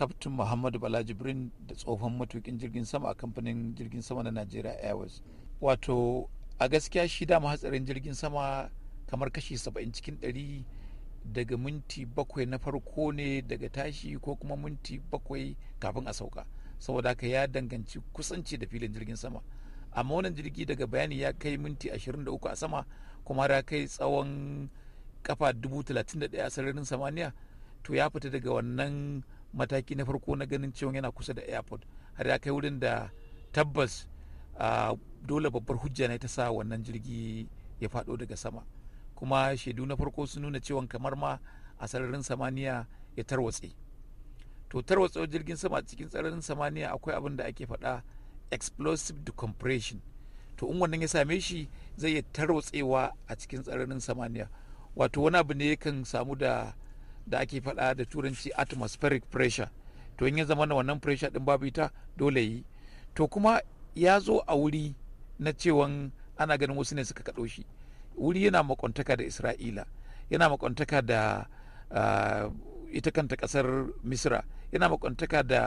kaftin muhammadu bala jibrin da tsohon matukin jirgin sama a kamfanin jirgin sama na nigeria airways wato a gaskiya shi dama hatsarin jirgin sama kamar kashi 70 cikin 100 daga minti bakwai na farko ne daga tashi ko kuma minti bakwai kafin a sauka saboda haka ya danganci kusanci da filin jirgin sama amma wannan jirgi daga bayani ya kai minti 23 a sama kuma ya kai tsawon kafa 31 a sararin samaniya to ya fita daga wannan mataki na farko na ganin cewa yana kusa da airport har ya kai wurin da tabbas dole babbar hujja ne ta sa wannan jirgi ya faɗo daga sama kuma shaidu na farko sun nuna cewa kamar ma a sararin samaniya ya tarwatse to tarwatsewar jirgin sama cikin tsararin samaniya akwai abin da ake faɗa explosive decompression to in wannan ya same shi zai iya tarwatsewa a cikin tsararin samaniya wato wani abu ne yakan samu da da ake faɗa da turanci atmospheric pressure to in ya zama na wannan pressure din babu ita dole yi to kuma ya zo a wuri na cewan ana ganin wasu ne suka kaɗo shi wuri yana makwantaka da isra'ila yana makwantaka da ah, ita kanta ƙasar misra yana makwantaka da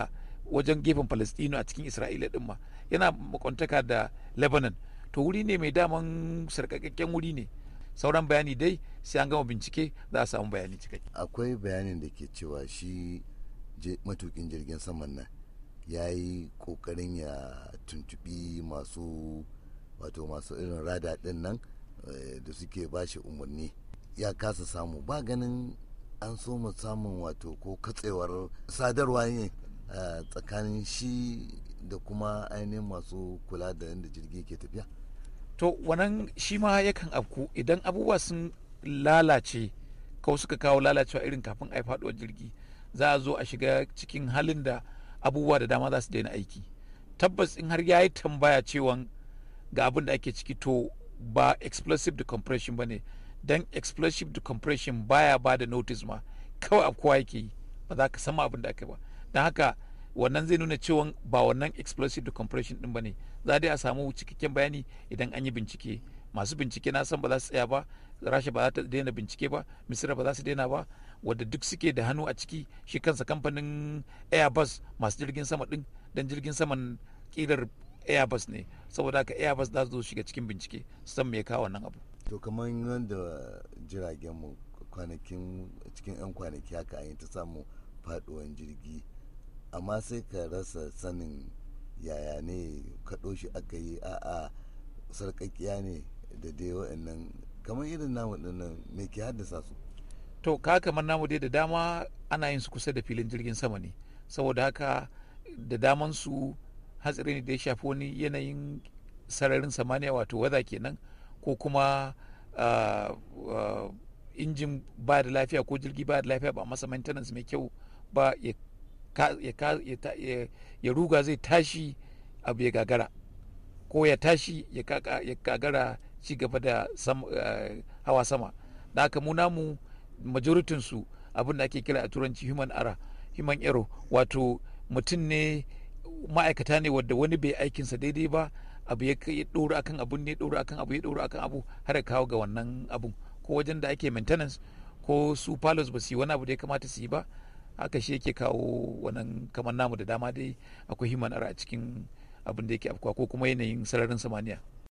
wajen gefen palestino a cikin isra'ila din ma yana makwantaka da lebanon to wuri ne mai daman sarƙaƙƙen wuri ne sauran bayani dai sai an gama bincike za a samu bayani cikakke akwai bayanin da ke cewa shi matukin jirgin saman nan ya yi kokarin ya tuntubi masu wato masu irin rada din nan eh, da suke ba shi umarni ya kasa samu ba ganin an so mu samun wato ko katsewar sadarwa ne eh, tsakanin shi da kuma ainihin masu kula da yadda jirgi ke tafiya to wannan shi ma yakan afku idan abubuwa sun lalace ko suka kawo lalacewa irin kafin a yi faduwar jirgi za a zo a shiga cikin halin da abubuwa da dama za su daina aiki tabbas in har ya yi tambaya cewa ga abin da ake ciki to ba explosive decompression ba ne don explosive decompression baya ba da notice ma kawai kowa yake yi ba za ka sama abin da aka ba don haka wannan zai nuna cewa ba wannan explosive decompression din ba ne za dai a samu cikakken bayani idan an yi bincike masu bincike na san ba za su tsaya ba rasha ba za ta daina bincike ba misira ba za su daina ba wadda duk suke da hannu a ciki shi kansa kamfanin airbus masu jirgin sama din dan jirgin saman kilar airbus ne saboda haka airbus za su zo shiga cikin bincike su san me kawo nan abu to kamar yadda jiragen mu kwanakin cikin 'yan kwanaki haka ta samu faduwan jirgi amma sai ka rasa sanin yaya ne ka doshi aka yi a'a sarkakiya ne da dai waɗannan kamar irin namu me ke haddasa su to ka kamar namu dai da dama ana yin su kusa da filin jirgin sama ne saboda haka da daman su hatsari ne da ya shafi wani yanayin sararin samaniya wato waza kenan ko kuma ah, ah, injin ba da lafiya ko jirgi ba da lafiya ba masa maintenance mai kyau ba ya ruga zai tashi abu ya gagara ko ya tashi ya gagara ci gaba da eh, hawa sama da haka mu namu majoritinsu su abin da ake kira a turanci human ara human ero wato mutum ne ma'aikata ne wadda wani bai aikinsa daidai ba abu ya ɗora akan abu ne ɗora akan abu ya ɗora akan abu har kawo ga wannan abun ko wajen da ake maintenance ko su palace ba su yi wani abu da ya kamata su yi ba haka shi yake kawo wannan kamar namu da dama dai akwai himan ara a cikin abin da yake afkuwa ko kuma yanayin sararin samaniya